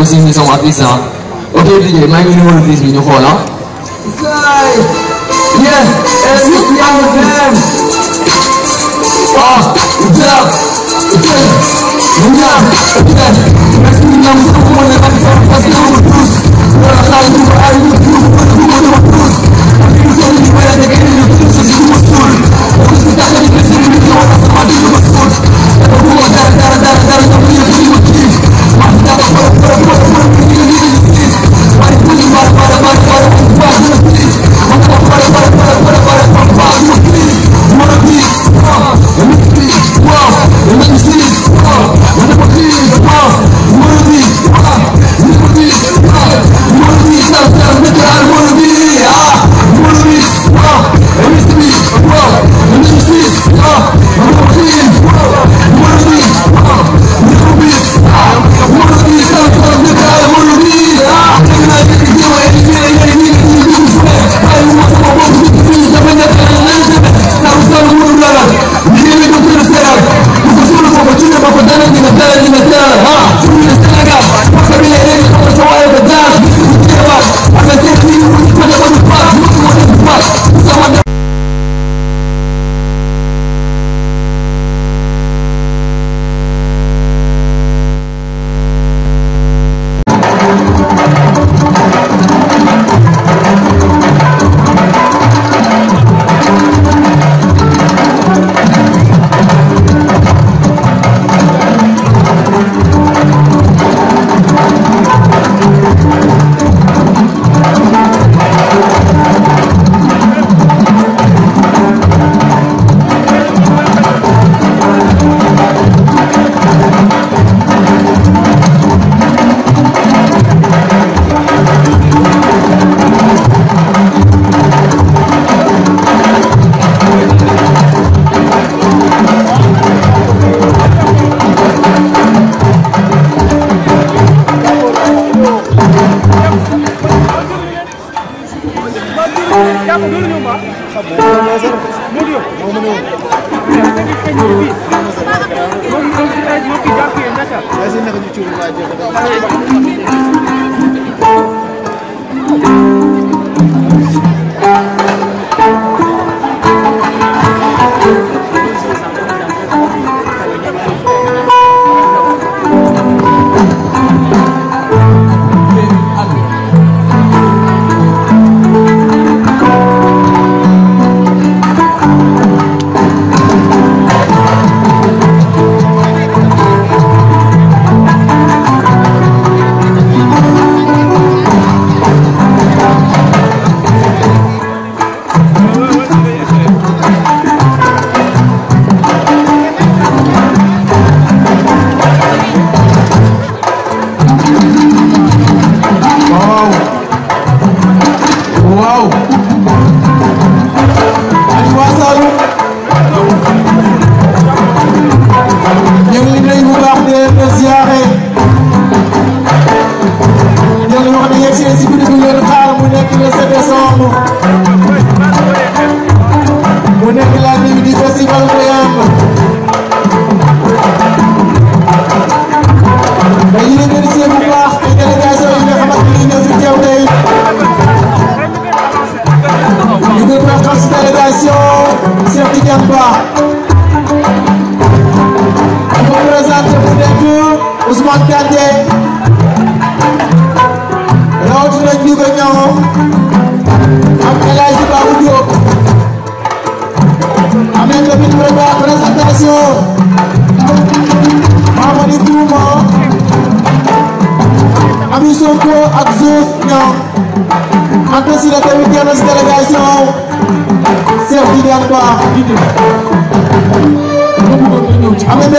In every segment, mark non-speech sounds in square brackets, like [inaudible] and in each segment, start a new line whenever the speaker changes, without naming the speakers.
aussi nous sommes impuissants. ok DJ maa ngi numéro 10 bi ñu xool ah.
Please,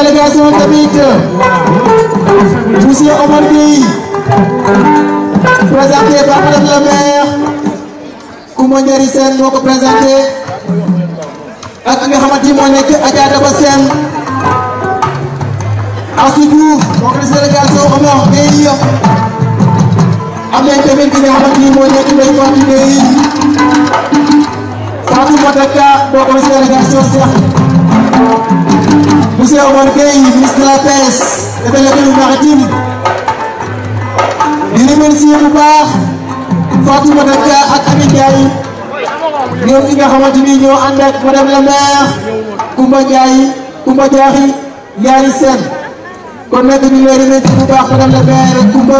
délégation tamit monsieur Omar Gueye présenté par madame la maire Coumba Ndiary Sène moo ko présenté ak nga xamante ni moo nekk Adja Daba Sène Assou moo ko des délégation Omar Gueye am nañ tamit ki nga xamante ni moo nekk Ndeye Fatou Gueye Fatou Mata Ka moo monsieur Omar Gueye ministre de la pêche et de l'économie maritime di remercier bu baax Fatou Madaka ak Ami Ndiaye
ñoom ñi nga xamante ni ñoo ànd ak madame la maire
Coumba Ndiaye Coumba Diakhi Ndiaye Sène kon nag ñu lay remercier bu baax madame la maire Coumba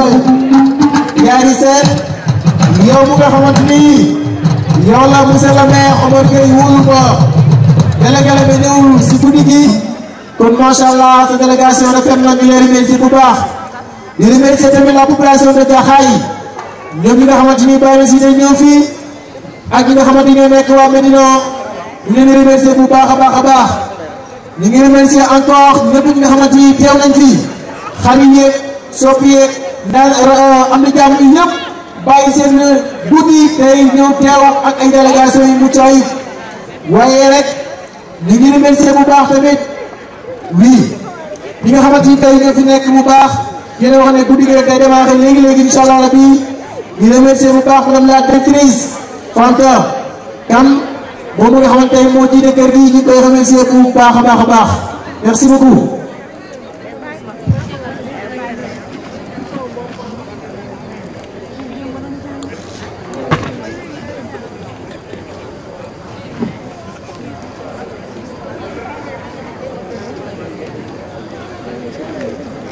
Ndiaye Sène yow bu nga xamante ni yow la monsieur la maire Omar Gueye wóolu ko délégué la bi ñëwul si guddi gi. kon macha allah sa délégation a na ñu leen remercier bu baax di tamit la population de Jaxaay ñoom ni bàyyi si ne ñëw fii ak ñi nga xamante ni ñoo nekk waa bu baax a baax a baax ñu ngi remercier encore ñëpp ñi nga teew nañ fii xarit yeeg soppi yeeg daal euh, am na jàmm yi ñëpp bàyyi tey ñëw teew ak ay délégation yu mucc waaye rek ñu ngi remercier bu baax tamit. wii ñi nga xamante ni tey ñoo fi nekk bu baax yéen a wax ne guddi gi rek day démarrer léegi léegi incha allah rabi ñu remercier bu baax madame la directrice Fanta Kane boobu nga xamante ne moo jiite kër gi ñu ngi koy remercier bu baax a baax a baax merci beaucoup.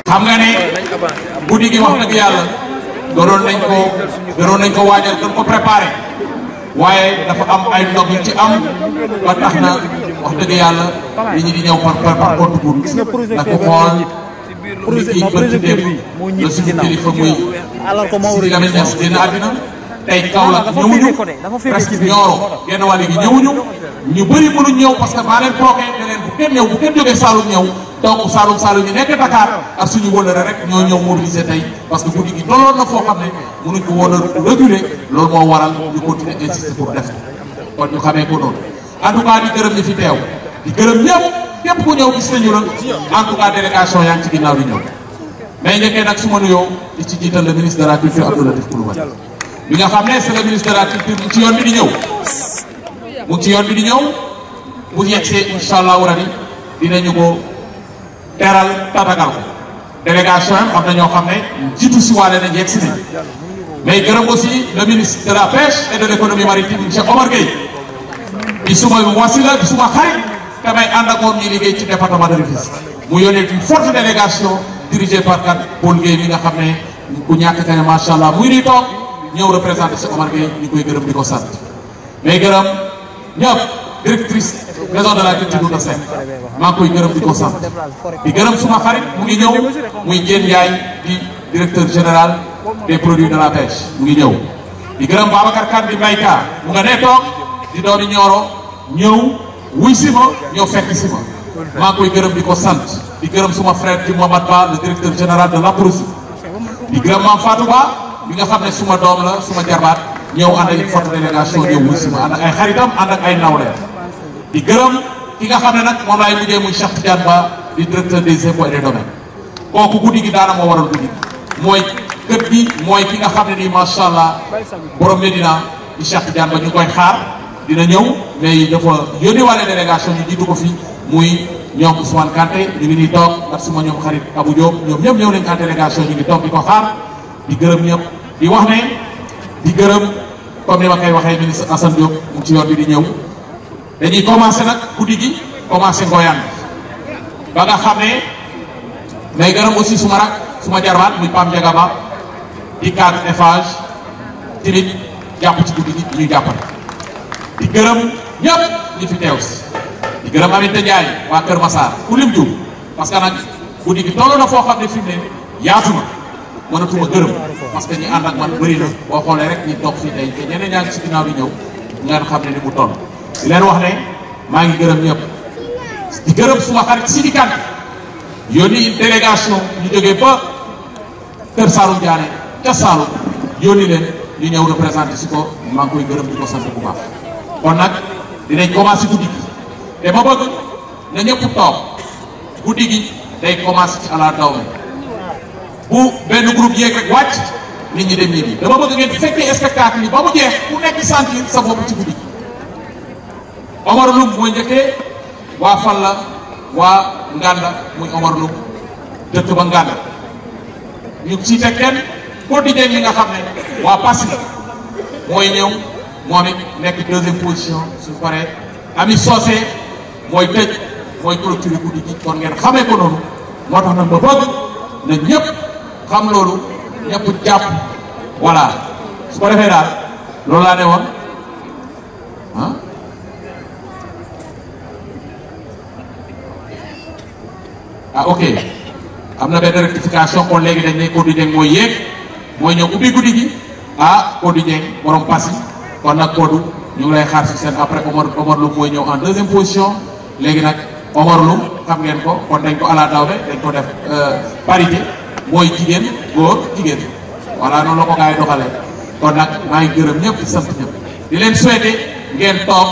xam nga ne guddi gi wax dëgg yàlla doroon nañ ko doroon nañ ko waajal doon ko préparé waaye dafa am ay ndox yu ci am ba tax na wax dëgg yàlla nit ñi di ñëw par par par compte pour na ko xool nit yi bët ci dem la suñu kilifa muy si Lamine Niass génn àddina tey Kaolack ñëwuñu presque Nioro genn wàll gi ñëwuñu ñu bëri mënuñ ñëw parce que maa leen proqué ne leen bu kenn ñëw bu kenn jógee Saloum ñëw doomu Saalum Saalum ñu nekk Dakar ak suñu wëllëre rek ñoo ñëw mobiliser tey parce que guddi gi tolloon na foo xam ne mënuñ ko woon a réguler loolu moo waral ñu continuer insister pour def ko kon ñu xamee ko noonu en tout cas di gërëm ñi fi teew di gërëm ñëpp képp ku ñëw gis nañu la en tout cas délégation yaa ngi ci ginnaaw di ñëw mais njëkkee nag su ma nuyoo ci jiital le ministre de la culture Abdou Latif Coulibaly bi nga xam ne mu ci yoon bi di ñëw mu ci yoon bi di ñëw bu yegsee incha allah rabi dinañu ko. teral tatagal ko délégation am na ñoo xam ne jiitu si waale nañ yegg si nañ mais gërëm aussi le ministre de la pêche et de l' économie maritime monsieur Omar Gueye di suma wasila di suma xarit te may ànd ak moom ñuy liggéey ci département de Rufisque mu yónnee une forte délégation dirigée par kat Paul Gueye nga xam ne ku ñàkk ka ne macha allah muy nii toog ñëw représenté monsieur Omar Gueye ñu koy gërëm di ko sant mais gërëm ñëpp directrice. maison de la culture Gounda Seck maa koy gërëm di ko sant di gërëm suma xarit mu ngi ñëw muy Diène Ndiaye di directeur général des produit de la pêche mu ngi ñëw di gërëm Babacar Kane di baykat mu nga nee toog di doomi Nioro ñëw wuy si ma ñëw fekk si ma maa koy gërëm di ko sant di gërëm suma frère di Mohamed Ba le directeur général de l'APROSI di gërëm maam Fatou Ba bi nga xam ne suma doom la suma jarbaat ñëw ànd ak photo délégation ñëw wuy si ma ànd ak ay xaritam di gërëm ki nga xam ne nag moom laay mujjee muy Cheikh Tidiane Ba di directeur des impôts et des domaines kooku guddi gi daana moo waral guddi mooy kër gi mooy ki nga xam ne nii macha allah borom Medina di Cheikh Tidiane Ba ñu koy xaar dina ñëw mais dafa yónni wàllu délégation ñu jiitu ko fi muy ñoom Ousmane Kanté ñu ngi nii toog ak suma ñoom xarit Abou ñëpp ñëw nañ en délégation ñu ngi toog di ko xaar di gërëm ñëpp di wax ne di gërëm comme ni ma koy waxee ministre Assane Diop mu ci yoon bi di ñëw. dañuy commencé nag guddi gi commencé ngoyaan ba nga xam ne may gërëm aussi suma rak suma jarwaat muy Pam Jagaba di cadre Eiffage tamit jàpp ci guddi gi di ñu jàppale di na ñëpp ñi fi teew si di gërëm Aminata Ndiaye waa Kër Massar ku lim ju parce que nag guddi gi toll na foo xam ne fi mu ne yaatu a mënatuma gërëm parce que ànd ak man bëri na boo xoolee rek ñi toog fii tey te ñeneen ñaa ngi ci ginnaaw ñëw nga xam ne ni mu toll leen wax ne maa ngi gërëm ñëpp di gërëm suma xarit Sidi Kane yónni délégation ñu jógee ba Kër Saalum Diané ca Saalum yónni leen ñu ñëw représenté si ko maa ngi koy gërëm di ko nag dinañ commencé guddi gi te ma bëgg na ñëpp toog guddi gi day commencé ci ala daw bu benn groupe yéeg rek wàcc nit ñi dem ñi bi dama bëgg ngeen fekkee spectacle yi ba mu jeex ku nekk sentir sa bopp ci guddi gi Omar Loum mooy njëkkee waa Falla waa Nganda muy Omar Loum dëkk ba Nganda ñu ci teg kenn quotidien li nga xam ne waa Passy mooy ñëw moom it nekk deuxième position su paree ami soose mooy tëj mooy clôture guddi gi kon ngeen xamee ko noonu moo tax nag ba bëgg na ñëpp xam loolu ñëpp jàpp voilà su ko defee daal loolu laa ne woon ah? ah ok am na benn rectification ko léegi dañ ne Codou Dieng mooy yéeg mooy ñëw ubbi guddi gi ah Codou Dieng borom pass yi kon nag Codou ñu ngi lay xaar si seen après Omar Omar Loum mooy ñëw en deuxième position léegi nag Omar Loum xam ngeen ko kon dañ ko ala dawbe dañ ko def euh, parité mooy jigéen góor jigéen voilà noonu la ko gars yi kon nag maa ngi gërëm ñëpp di sant di leen souhaiter ngeen toog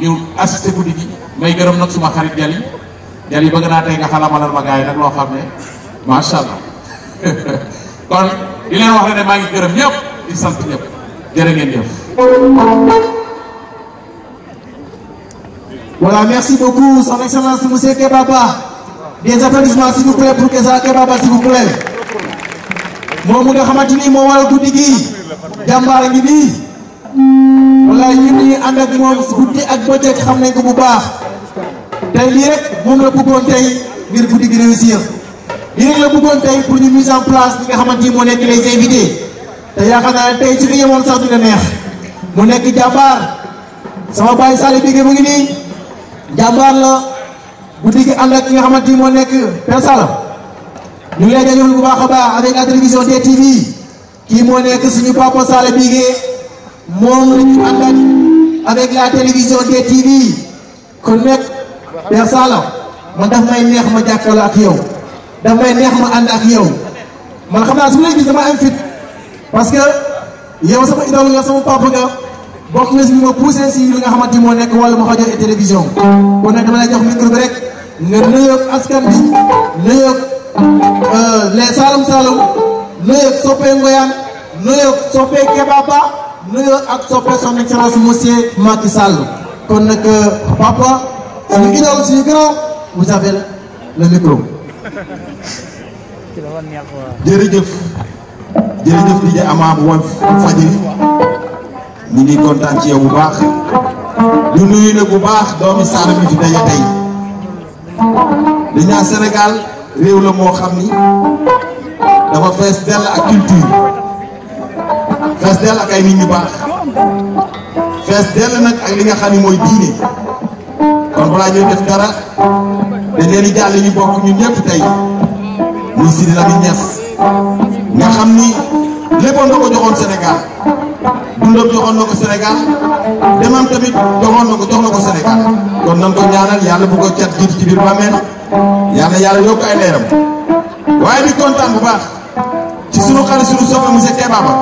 ñu assister guddi gi may gërëm nag suma xarit Jali ñel yi bëgg naa tey nga xalamalal ma gars yi nag loo xam ne macha allah [laughs] kon di leen wax ne ne maa ngi gërëm ñëpp di sant ñëpp jërë ngeen jëf
merci beaucoup son excellence monsieur Kebaba des applaudissements s'il vous plaît pour que moom nga xamante ni moo waral guddi gi jàmbaar ngi nii wala ñun ñi ànd ak moom guddi ak bëccëg xam nañ ko bu baax tey lii rek moom la bëggoon tey ngir guddi gi réussir lii la bëggoon tey pour ñu mise en place li nga xamante ni moo nekk les invités te yaakaar naa ne tey su fi yemoon sax dina neex nekk jàmbaar sama baay Saliou Bigué mu ngi nii jàmbaar la guddi gi ànd ak ki nga xamante ni moo nekk Père Sall ñu ngi lay jaajëfal bu baax a baax avec la télévision DTV kii moo nekk suñu papa Saliou Bigué moom la ñu ànd ak avec la télévision DTV kon nekk Père Salam man daf may neex ma jàkkaarloo ak yow daf may neex ma ànd ak yow man xam naa su ma lay gis am fit parce que yow sa idole nga sama nga bokk nga si ñu ma poussé moo nekk wàllu ma rajo et télévision kon nag dama lay jox micro euh, kon nag euh, papa. celui qui a aussi grand vous avez le micro. jërëjëf jërëjëf DJ Ama bu Walfadjri
ñu ngi kontaan ci yow bu baax ñu nuyu la bu baax doomi Saara réew la moo xam ni dafa fees dell ak culture fees dell ak ay nit ñu baax fees dell nag ak li nga xam ni mooy diine. kon balaa ñuy def dara dañ leen di jàll ñu bokk ñun ñëpp tey muy Sidi Lamine Niass nga xam ni léppam da ko joxoon Sénégal dundam joxoon na ko Sénégal demam tamit joxoon na ko jox na ko Sénégal kon nan ñaanal yàlla bu ko cat jiitu ci biir bàmmeel yàlla yàlla yokk ay leeram waaye di kontaan bu baax ci sunu xarit sunu soppe monsieur Keba Ba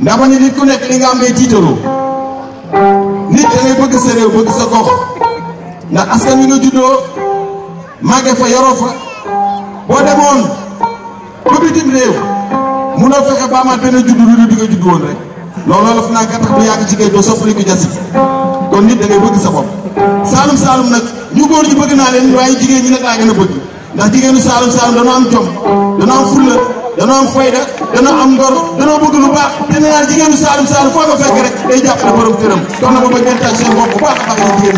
ndax ma ni nit ku nekk li nga am ngay tiitaroo nit da ngay sa réew bëgg sa gox. ndax askan wi nga juddoo màgge fa yoroo fa boo demoon ba bitim réew munoo fexe ba amaat benn juddu lu di nga judd woon rek looloo la fi naa tax bu yàgg ci géej doo soppali ko jasi kon nit da ngay bëgg sa bopp saalum saalum nag ñu góor ñu naa leen waaye jigéen ñi nag laa gën a bëgg ndax jigéenu saalum saalum danoo am jom danoo am fulla danoo am fayda danoo am ngor danoo bëgg lu baax te nee naa jigéenu saalum saalum foo ko fekk rek day jàppale a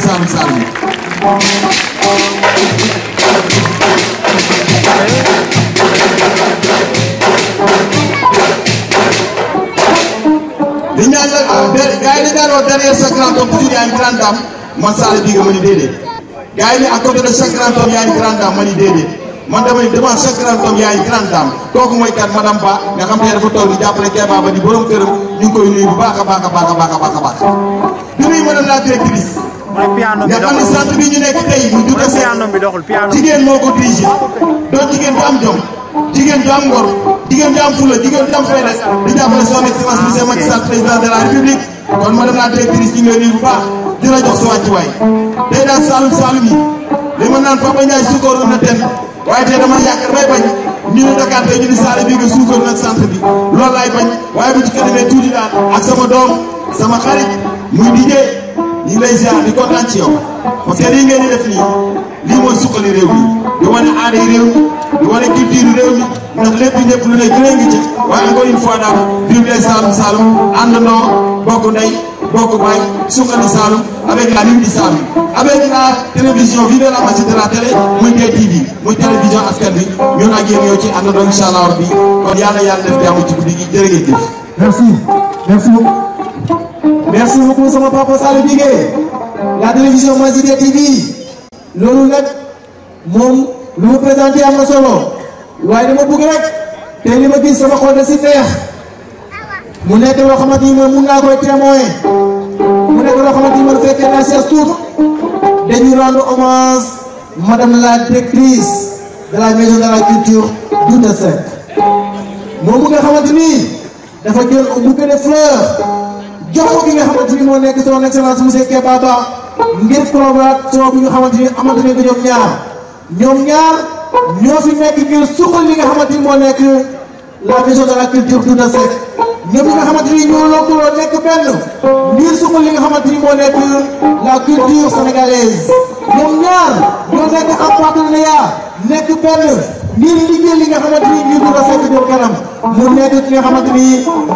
li ñaan la gars yi dañ daan wax derrière sa grand homme toujours y a une grande dame man Saliou Dieng ma ni déedéet gars yi ne à côté de sa grand homme y a une grande dame ma ni déedéet man dama ni devant sa grand homme y a une grande dame kooku mooy kat madame Ba nga xam te dafa toog di jàppale Kéba ba di borom këram ñu ngi koy nuyu bu baax a baax a baax a baax a baax a baax di nuyu madame la directrice. mooy piano bi sant bi ñu nekk tey mu jute ko piano bi moo ko dirigé doon jigéen du am jom jigéen du am ngor jigéen du am fula di jàppale son excellence monsieur Macky Sall président de la république kon madame la jox sa wàccuwaay day daal Saalum Saalum yi li ma naan Papa Ndiaye sukkandu na ten waaye tey dama yaakaar bay bañ ñu ne Dakar doom sama xarit muy DJ. ñu ngi lay ziar di kontaan ci yow parce que lii ngeen di def nii lii mooy suqali réew mi di wane aada yi réew mi di wane culture réew mi ndax lépp ñëpp lu ne ngi ci waaye encore une fois daal vive les Saloum Saloum àndandoo bokk ndey bokk baay suqali Saloum avec la lutte du Saloum avec la télévision vive la magie de la télé muy muy télévision askan bi ñun ak yéen ñoo ci àndandoo incha allah rabbi kon yàlla yàlla def jàmm ci guddi gi jërë ngeen jëf.
merci beaucoup sama papa Sall Bigué la télévision Mourchid TV loolu nag moom lu mu présenté am na solo waaye dama bëgg rek te li ma gis sama xool da si neex mu nekk loo xamante ni moom mun naa koy témoin mu nekk loo xamante ni man fekkee naa si tuut dañu rendre hommage madame la directrice de la maison de la culture Douta Seck moom mu nga xamante ni dafa jël bouquet de fleurs. jokkoo bi nga xamante ni moo nekk son excellence monsieur Keba Ba ngir collaboration bi nga xamante ni amante nañ ko ñoom ñaar ñoom ñaar ñoo fi nekk ngir suqal li nga xamante ni moo nekk la maison de la culture Douta Seck ñoom ñi nga xamante ni ñoo lëkkaloo nekk benn ngir suqal li nga xamante ni moo nekk la culture sénégalaise ñoom ñaar ñoo nekk en partenariat nekk benn ngir liggéey li nga xamante ni ngir Douta Seck jëm kanam mu nekk ki nga xamante ni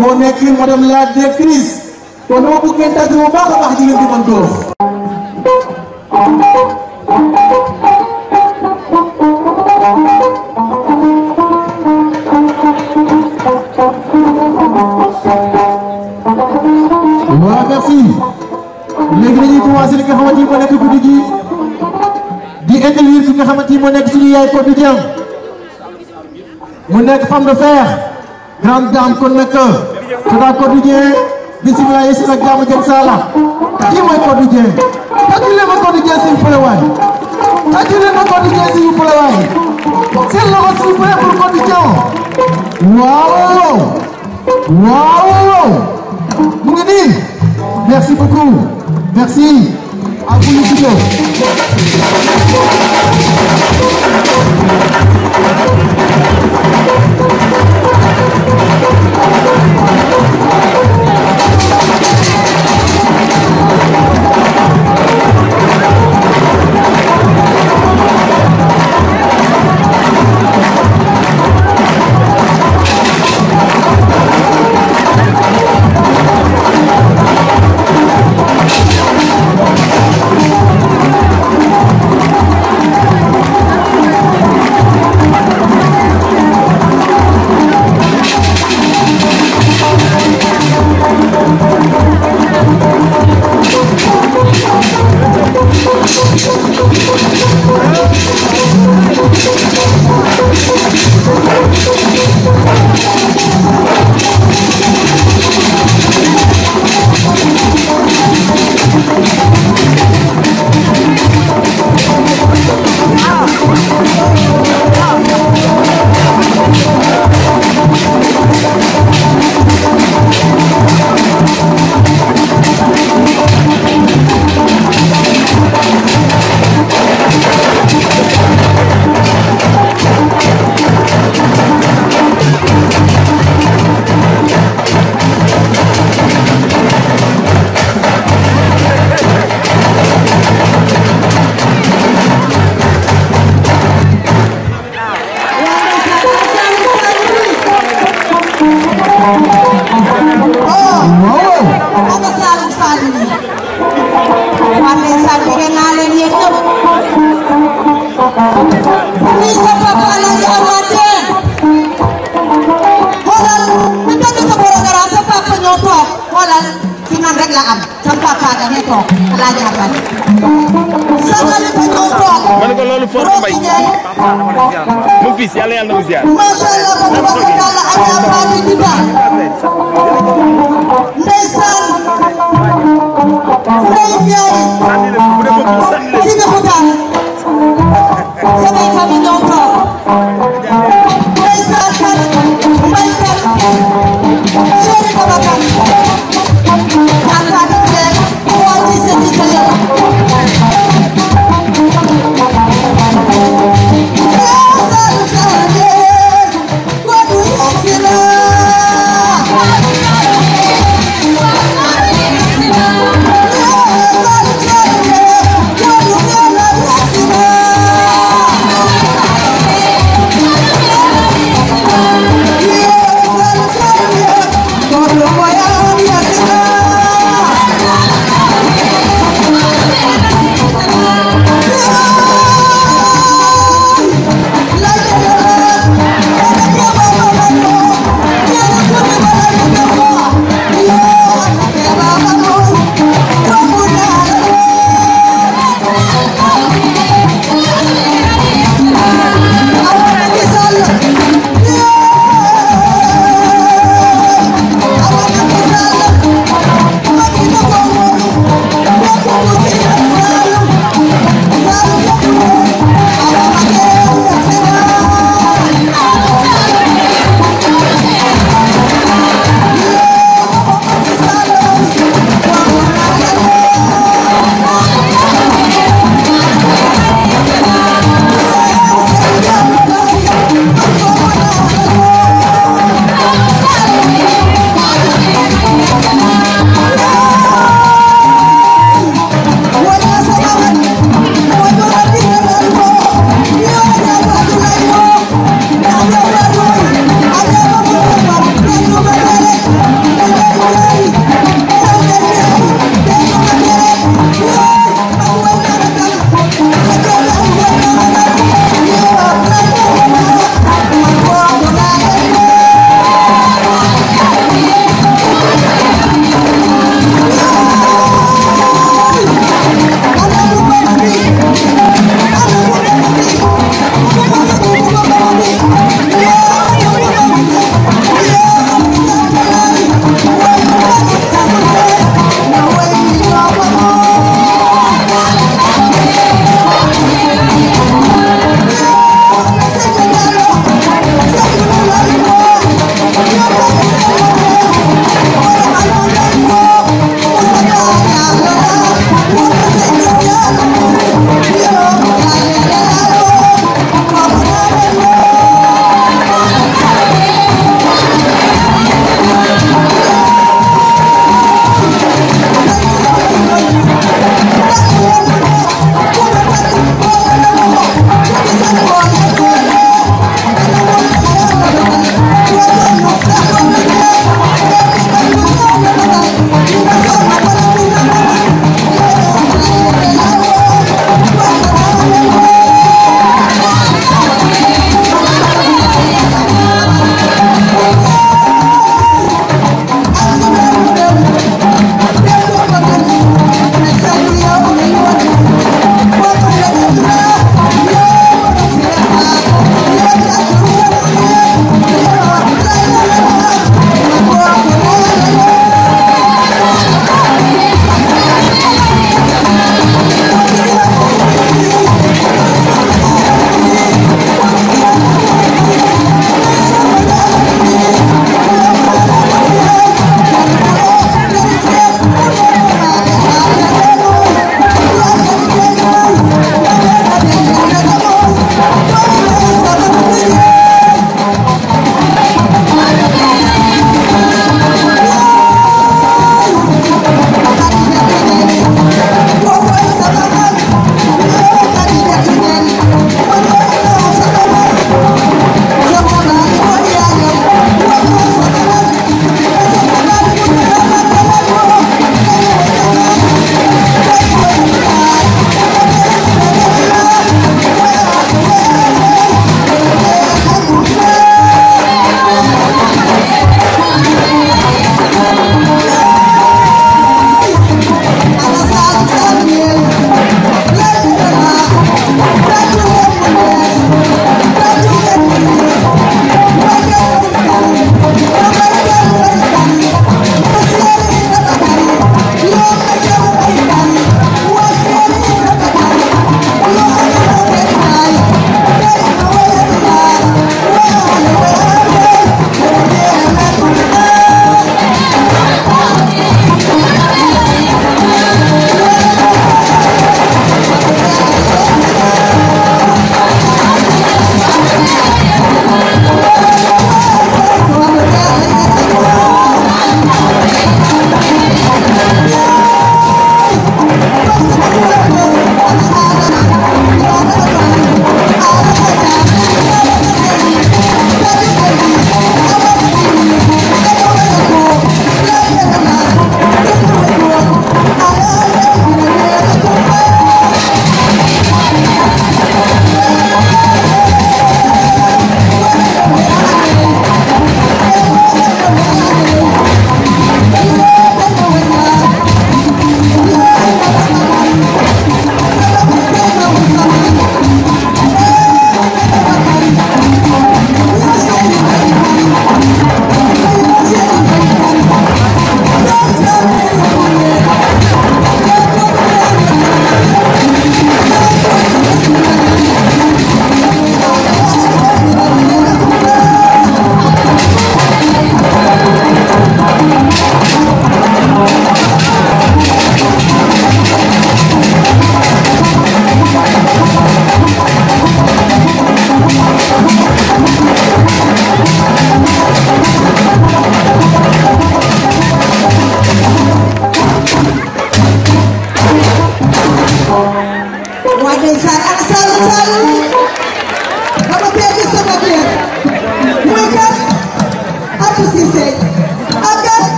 moo nekk madame la directrice. kon dama bëgg ngeen tàgg bu baax a baax jigéen bi man doof waaw merci léegi dañuy commencé li nga xamante ni moo nekk guddi gi di interview ki nga xamante ni moo nekk suñu yaay Pod Dieng mu nekk femme de fer grande dame kon nag Tata Pod Dieng bisimilah yeesu nag jaamu jëm saala kii mooy Codou Dieng tàccu leen ma Codou Dieng s'il vous plaît waay tàccu leen ma Codou Dieng s'il vous plaît waay seen loxo s'il vous plaît pour Codou Dieng waaw waaw waaw waaw mu ngi nii merci beaucoup merci à vous les studios
oh waaw aka Saalum Saalum yi waa ndeysaan bëgg naa leen yéen ñëpp ni sa papa Alaaji Amadou xoolal ñu tëgg sa programme sa papa ñoo toog xoolal ci man rek la am sa papa nga ne toog Alaaji Amadou ma
ne ko loolu force mbay mu fis yàlla yàlla na mu ziar. ndeysaan ndey Ndiaye.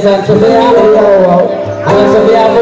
ndeysaan Sofia waaw waaw ana Sofia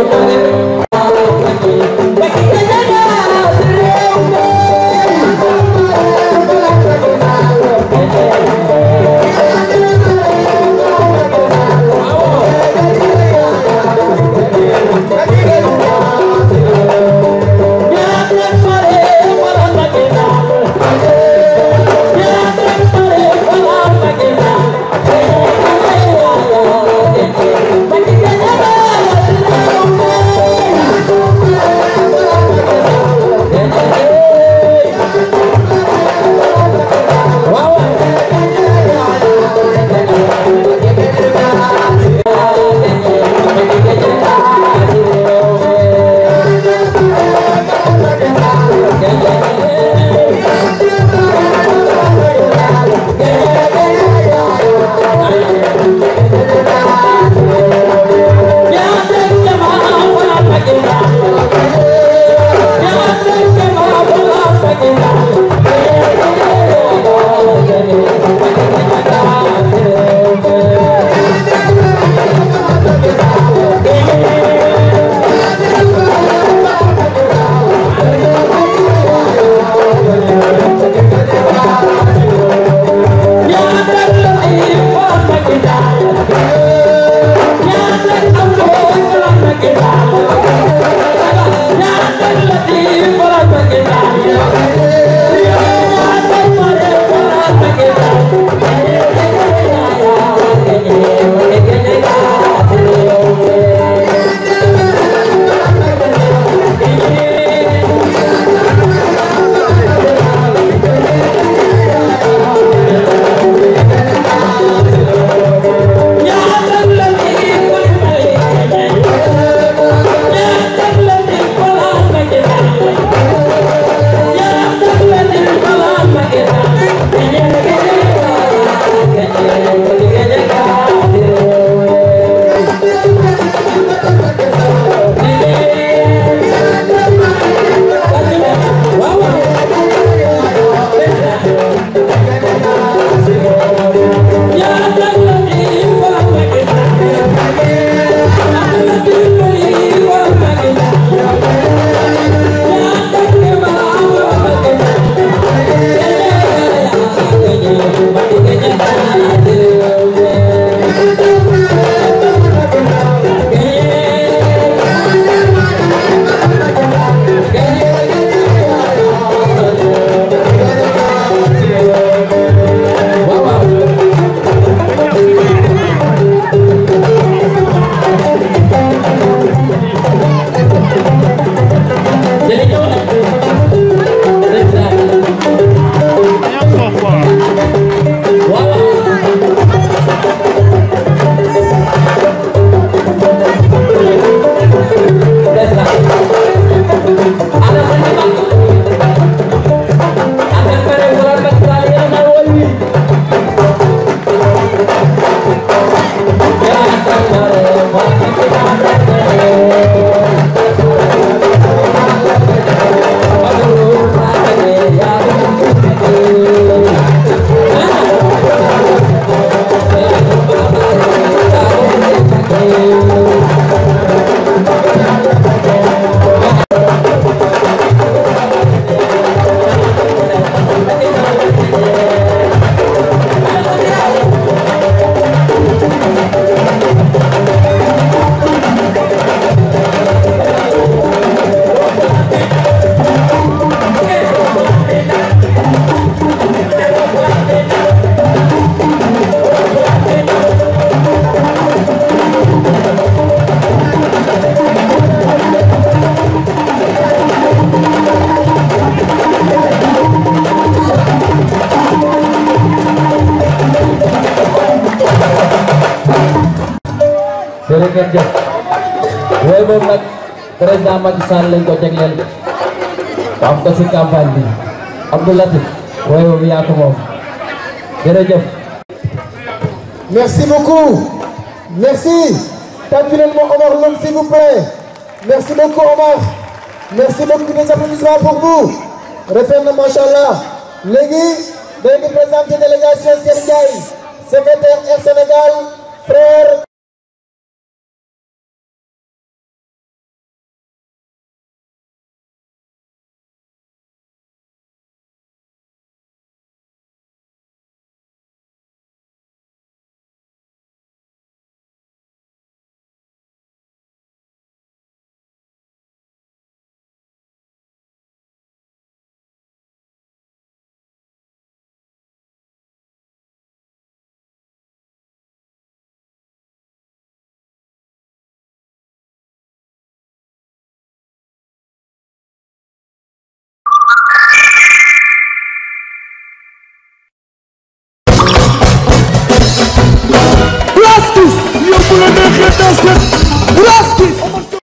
président Macky Sall lañ ko jagleel de am ko si campagne bi Abdou Latif waaye boobu yaa ko moom jërëjëf merci beaucoup merci tapinel mo Omar Lom s'il vous plaît merci beaucoup Omar merci beaucoup des applaudissements pour vous
rafet na macha léegi dañu présenté délégation Serigne Ndiaye secrétaire Air Sénégal frère Raskin, Raskin.